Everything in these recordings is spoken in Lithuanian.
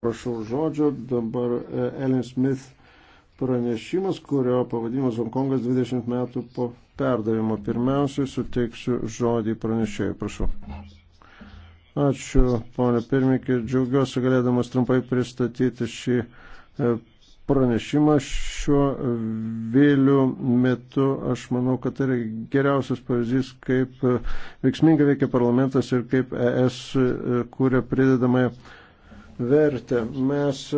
prašau žodžio, dabar e, Ellen Smith pranešimas, kurio pavadinimas Hongkongas 20 metų po perdavimo. Pirmiausiai suteiksiu žodį pranešėjai, prašau. Ačiū, ponė pirmininkė, džiaugiuosi galėdamas trumpai pristatyti šį e, pranešimą šiuo vėliu metu. Aš manau, kad tai yra geriausias pavyzdys, kaip e, veiksmingai veikia parlamentas ir kaip ES kūrė pridedamąją vertę. Mes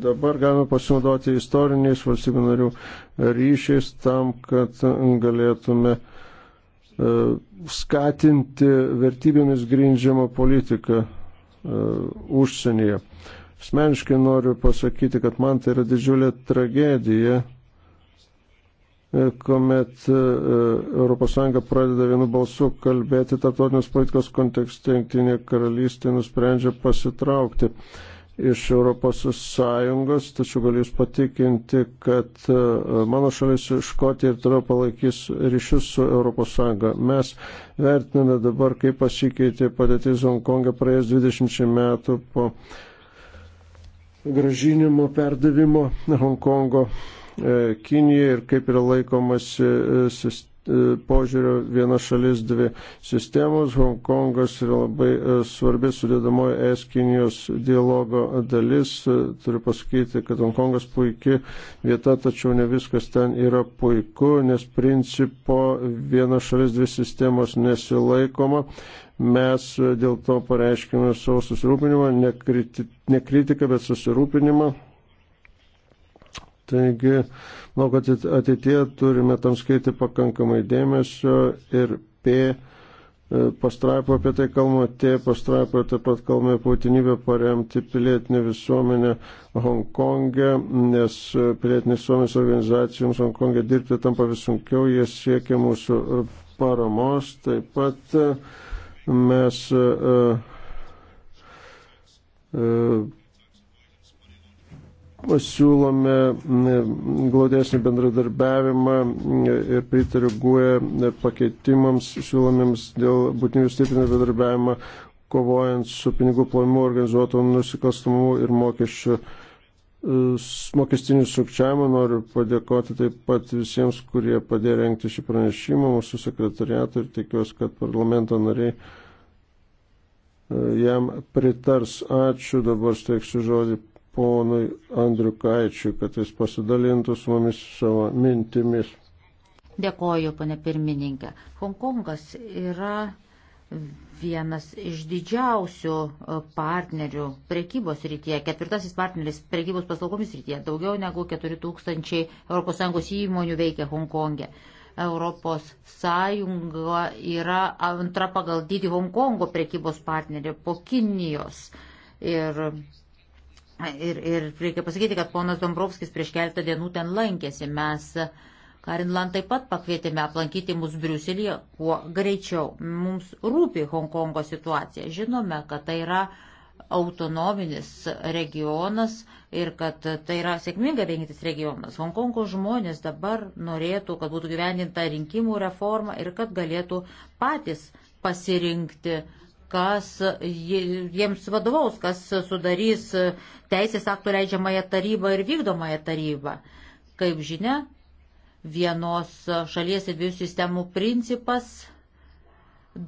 dabar galime pasinaudoti istoriniais valstybių narių ryšiais tam, kad galėtume e, skatinti vertybėmis grindžiamą politiką e, užsienyje. Asmeniškai noriu pasakyti, kad man tai yra didžiulė tragedija kuomet ES pradeda vienu balsu kalbėti tarptautinės politikos kontekste, Junktinė karalystė nusprendžia pasitraukti iš ES, tačiau galiu Jūs patikinti, kad e, mano šalis Škotija ir toliau palaikys ryšius su ES. Mes vertiname dabar, kaip pasikeitė padėtis Hongkonge praėjus 20 metų po gražinimo, perdavimo Hongkongo E, Kinija ir kaip yra laikomasi e, e, požiūrio viena šalis dvi sistemos. Hongkongas yra labai svarbi sudėdamoji es Kinijos dialogo dalis. Turiu pasakyti, kad Hongkongas puikia vieta, tačiau ne viskas ten yra puiku, nes principo viena šalis dvi sistemos nesilaikoma mes dėl to pareiškime savo susirūpinimą, ne kritiką, bet susirūpinimą Taigi, manau, kad ateitie turime tam skirti pakankamai dėmesio ir P e, pastraipą apie tai kalbama, T pastraipą taip pat kalbama būtinybę paremti pilietinę visuomenę Hongkonge, nes e, pilietinės visuomenės organizacijoms Hongkonge dirbti tampa vis sunkiau, jie siekia mūsų e, paramos, taip pat mes uh, uh, siūlome glaudesnį bendradarbiavimą ir pritariu guoja e, pakeitimams siūlomiems dėl būtinybės stiprinti bendradarbiavimą, kovojant su pinigų plovimu, organizuotų nusikalstamumu ir mokesčių e, mokestinių sukčiavimų. Noriu padėkoti taip pat visiems, kurie padėjo renkti šį pranešimą, mūsų sekretariatui ir tikiuosi, kad parlamento nariai e, jam pritars. Ačiū, dabar steiksiu žodį ponui Andriukaičiu, kad jis pasidalintų su mumis savo mintimis. Dėkoju, pane pirmininkė. Hongkongas yra vienas iš didžiausių e, partnerių prekybos rytyje, ketvirtasis partneris prekybos paslaugomis rytyje, daugiau negu 4000 ES įmonių veikia Hongkonge. Europos Sąjunga yra antra pagal dydį Hongkongo prekybos partnerė po Kinijos. Ir Ir, ir reikia pasakyti, kad ponas Dombrovskis prieš keletą dienų ten lankėsi. Mes Karinlan taip pat pakvietėme aplankyti mus Briuselėje kuo greičiau. Mums rūpi Hongkongo situacija. Žinome, kad tai yra autonominis regionas ir kad tai yra sėkmingai veikintis regionas. Hongkongo žmonės dabar norėtų, kad būtų gyvendinta rinkimų reforma ir kad galėtų patys pasirinkti uh, kas jiems vadovaus, kas sudarys teisės aktų leidžiamąją tarybą ir vykdomąją tarybą. Kaip žinia, vienos šalies ir dviejų sistemų principas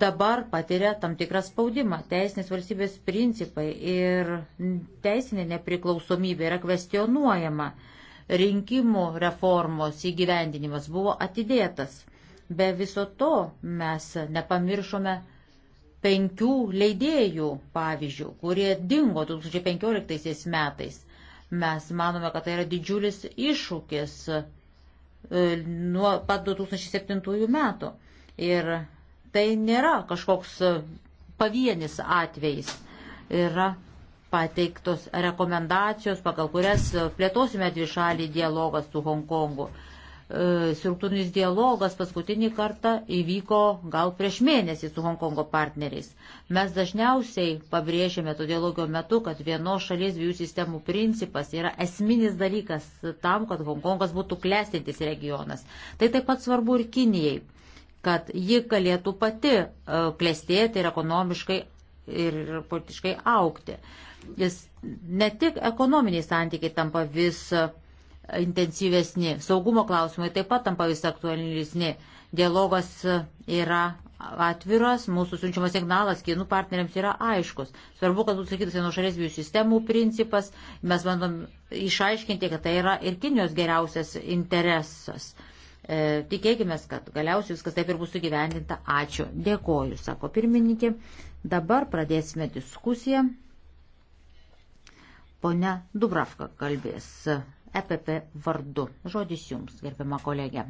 dabar patiria tam tikrą spaudimą. Teisinės valstybės principai ir teisinė nepriklausomybė yra kvestionuojama. Rinkimų reformos įgyvendinimas buvo atidėtas. Be viso to mes nepamiršome penkių leidėjų pavyzdžių, kurie dingo 2015 metais. Mes manome, kad tai yra didžiulis iššūkis e, nuo pat 2007 metų. Ir tai nėra kažkoks pavienis atvejis. Yra pateiktos rekomendacijos, pagal kurias plėtosime dvišalį dialogą su Hongkongu. E, struktūrinis dialogas paskutinį kartą įvyko gal prieš mėnesį su Hongkongo partneriais. Mes dažniausiai pabrėžėme to dialogo metu, kad vienos šalies dviejų sistemų principas yra esminis dalykas tam, kad Hongkongas būtų klestintis regionas. Tai taip pat svarbu ir Kinijai, kad ji galėtų pati e, klestėti ir ekonomiškai ir politiškai aukti. Jis ne tik ekonominiai santykiai tampa vis uh, intensyvesni, saugumo klausimai taip pat tampa vis aktualesni. Dialogas yra atviras, mūsų siunčiamas signalas kinų partneriams yra aiškus. Svarbu, kad būtų sakytas vieno šalies dviejų sistemų principas, mes bandom išaiškinti, kad tai yra ir Kinijos geriausias interesas. E, tikėkime, kad galiausiai viskas taip ir bus sugyvendinta. Ačiū. Dėkoju, sako pirmininkė. Dabar pradėsime diskusiją. Pone Dubravka kalbės EPP vardu. Žodis jums, gerbiama kolegė.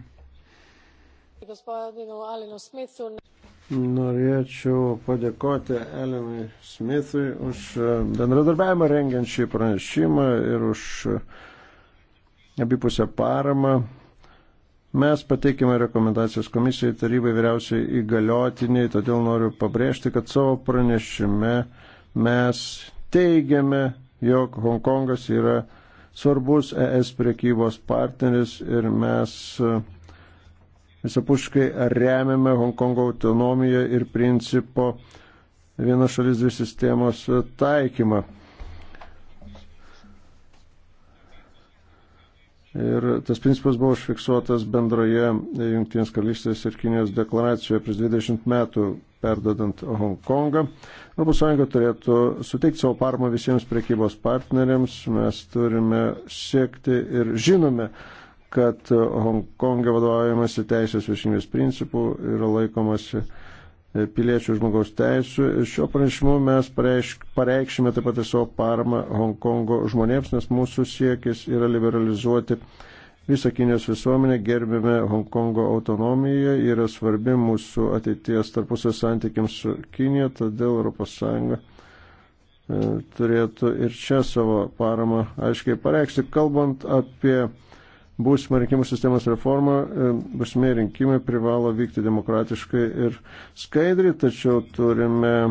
Norėčiau padėkoti Elinui Smithui už e, bendradarbiavimą rengiant šį pranešimą ir už e, abipusę paramą. Mes pateikime rekomendacijas komisijai tarybai vyriausiai įgaliotiniai, todėl noriu pabrėžti, kad savo pranešime mes teigiame, jog Hongkongas yra svarbus ES priekybos partneris ir mes e, visapuškai remiame Hongkongo autonomiją ir principo viena šalis dvi sistemos taikymą. Ir tas principas buvo užfiksuotas bendroje Junktinės karalystės ir Kinijos deklaracijoje prieš 20 metų perdodant Hongkongą. ES turėtų suteikti savo parmą visiems prekybos partneriams. Mes turime siekti ir žinome, kad Hongkonge vadovaujamasi teisės viršinės principų yra laikomasi piliečių žmogaus teisų. Šio pranešimu mes pareikšime taip pat ir savo paramą Hongkongo žmonėms, nes mūsų siekis yra liberalizuoti visą Kinijos visuomenę, gerbėme Hongkongo autonomiją, yra svarbi mūsų ateities tarpusio santykiams su Kinija, todėl ES e, turėtų ir čia savo paramą aiškiai pareikšti. Kalbant apie būsimą rinkimų sistemos reformą, e, būsimie rinkimai privalo vykti demokratiškai ir skaidriai, tačiau turime e,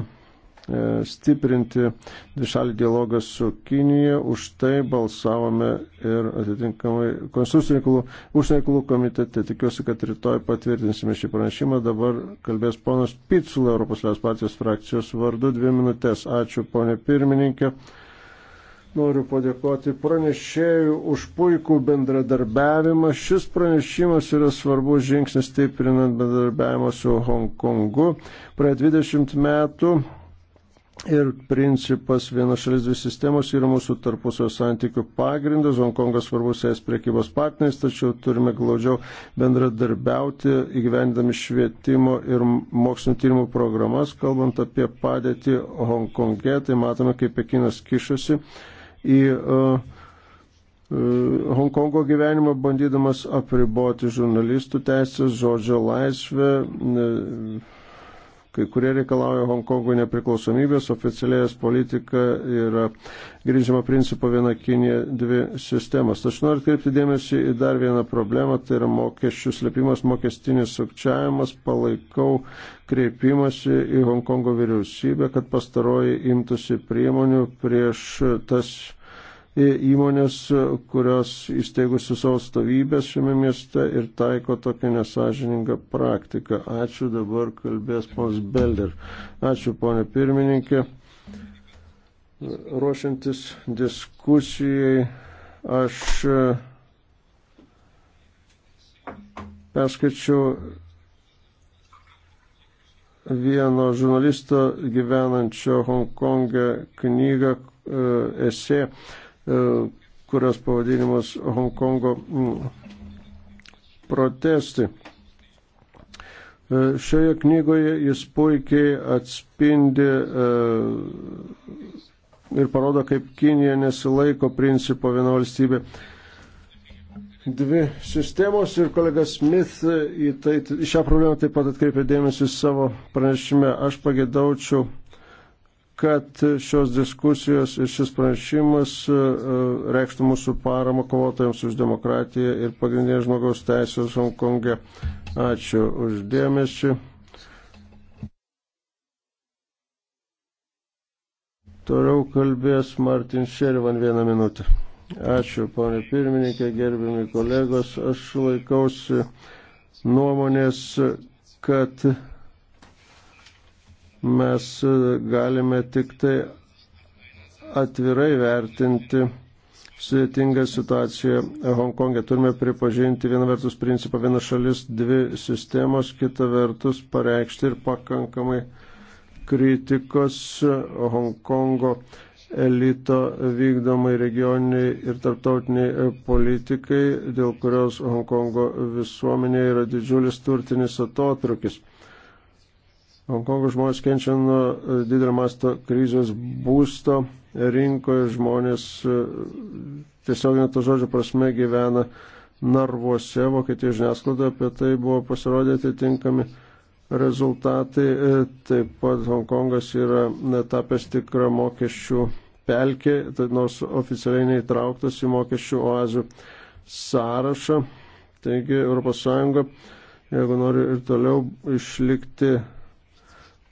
stiprinti dvišalį dialogą su Kinija, už tai balsavome ir atitinkamai konstitucinių reikalų, užsienio reikalų komitete. Tikiuosi, kad rytoj patvirtinsime šį pranešimą. Dabar kalbės ponas Pitsula Europos Liaus partijos frakcijos vardu dvi minutės. Ačiū, ponė pirmininkė. Noriu padėkoti pranešėjų už puikų bendradarbiavimą. Šis pranešimas yra svarbus žingsnis stiprinant bendradarbiavimą su Hongkongu. Praėjo 20 metų ir principas viena šalis dvi sistemos yra mūsų tarpusio santykių pagrindas. Hongkongas svarbus es priekybos partneris, tačiau turime glaudžiau bendradarbiauti įgyvendami švietimo ir mokslinio tyrimų programas. Kalbant apie padėtį Hongkonge, tai matome, kaip Pekinas kišasi į e, e, Hongkongo gyvenimą, bandydamas apriboti žurnalistų teisės, žodžio laisvę. Kai kurie reikalauja Hongkongo nepriklausomybės, oficialėjas politika yra grįžima principo viena Kinė dvi sistemas. Aš noriu atkreipti dėmesį į dar vieną problemą, tai yra mokesčių slėpimas, mokestinis sukčiavimas. Palaikau kreipimasi į Hongkongo vyriausybę, kad pastaroji imtųsi priemonių prieš tas įmonės, kurios įsteigusi savo stovybės šiame mieste ir taiko tokią nesažiningą praktiką. Ačiū dabar kalbės pons Belder. Ačiū ponė pirmininkė. Ruošiantis diskusijai aš perskaičiau vieno žurnalisto gyvenančio Hongkonge knygą e, esė E, kurios pavadinimas Hongkongo mm, protestai. E, šioje knygoje jis puikiai atspindi e, ir parodo, kaip Kinija nesilaiko principo viena valstybė. Dvi sistemos ir kolega Smith į, tai, į šią problemą taip pat atkreipė dėmesį savo pranešime. Aš pagėdaučiau kad šios diskusijos ir šis pranešimas e, e, reikštų mūsų paramą kovotojams už demokratiją ir pagrindinės žmogaus teisės Hongkonge. Ačiū uždėmesi. Toliau kalbės Martin Šerivan vieną minutę. Ačiū, ponė pirmininkė, gerbimi kolegos. Aš laikausi nuomonės, kad mes e, galime tik tai atvirai vertinti sudėtingą situaciją Hongkongė. E. Turime pripažinti vieną vertus principą viena šalis, dvi sistemos, kitą vertus pareikšti ir pakankamai kritikos Hongkongo elito vykdomai regioniniai ir tarptautiniai e, politikai, dėl kurios Hongkongo visuomenė yra didžiulis turtinis atotrukis. Hongkongo žmonės kenčia nuo e, didelio masto krizės būsto rinkoje, žmonės e, tiesiog net to žodžio prasme gyvena narvuose, Vokietijos žiniasklaidoje apie tai buvo pasirodę atitinkami rezultatai. E, taip pat Hongkongas yra tapęs tikrą mokesčių pelkę, tai nors oficialiai neįtrauktas į mokesčių oazių sąrašą. Taigi ES, jeigu nori ir toliau išlikti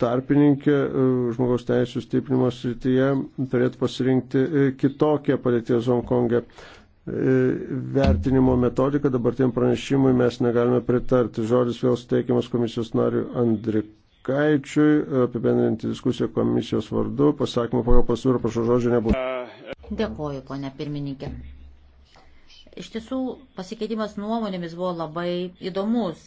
tarpininkė e, žmogaus teisų stiprinimo srityje turėtų pasirinkti e, kitokią padėties Hongkongę e, vertinimo metodiką. Dabartiniam pranešimui mes negalime pritarti. Žodis vėl suteikiamas komisijos nariu Andrikaičiui, apibendrinti diskusiją komisijos vardu. Pasakymą pagal pasiūlymą, prašau žodžio, nebūtų. Dėkoju, ponia pirmininkė. Iš tiesų, pasikeitimas nuomonėmis buvo labai įdomus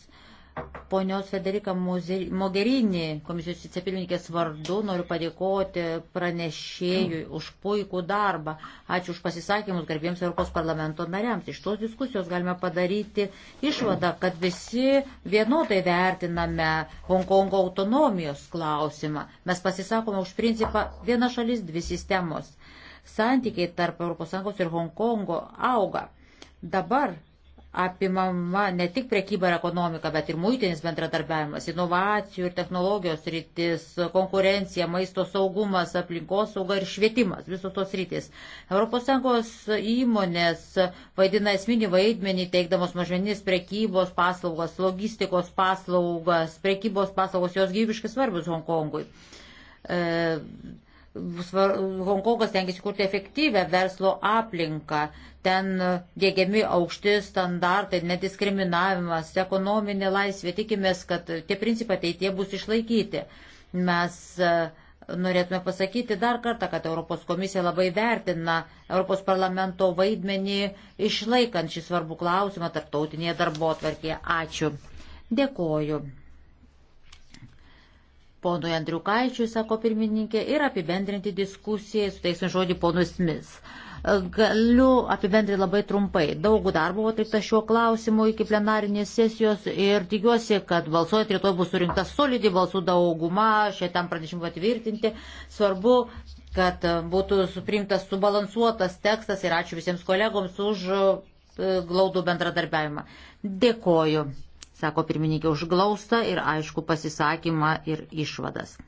ponios Federika Mogherini, komisijos vicepirmininkės vardu, noriu padėkoti pranešėjui už puikų darbą. Ačiū už pasisakymus garbiems Europos parlamento nariams. Iš tos diskusijos galime padaryti išvadą, kad visi vienodai vertiname Hongkongo autonomijos klausimą. Mes pasisakome už principą viena šalis, dvi sistemos. Santykiai tarp ES ir Hongkongo auga. Dabar apimama ne tik prekyba ir ekonomika, bet ir muitinis bendradarbiavimas, inovacijų ir technologijos rytis, konkurencija, maisto saugumas, aplinkos sauga ir švietimas, visos tos rytis. ES įmonės vaidina esminį vaidmenį teikdamos mažmeninės prekybos paslaugas, logistikos paslaugas, prekybos paslaugos, jos gyvybiškai svarbius Hongkongui. E, Hongkongas tengiasi kurti efektyvę verslo aplinką, ten dėgiami aukšti standartai, nediskriminavimas, ekonominė laisvė, tikimės, kad tie principai ateitie bus išlaikyti. Mes e, norėtume pasakyti dar kartą, kad Europos komisija labai vertina Europos parlamento vaidmenį išlaikant šį svarbų klausimą tarptautinėje darbo atvarkėje. Ačiū. Dėkoju ponui Andriukaičiui, sako pirmininkė, ir apibendrinti diskusiją, suteiksime žodį ponui Smith. E, galiu apibendrinti labai trumpai. Daug darbo buvo atlikta šiuo klausimu iki plenarinės sesijos ir tikiuosi, kad balsuojant rytoj bus surinkta solidi balsų dauguma šitam pranešimui patvirtinti. Svarbu, kad būtų priimtas subalansuotas tekstas ir ačiū visiems kolegoms už e, glaudų bendradarbiavimą. Dėkoju sako pirmininkė, užglausta ir aišku pasisakymą ir išvadas.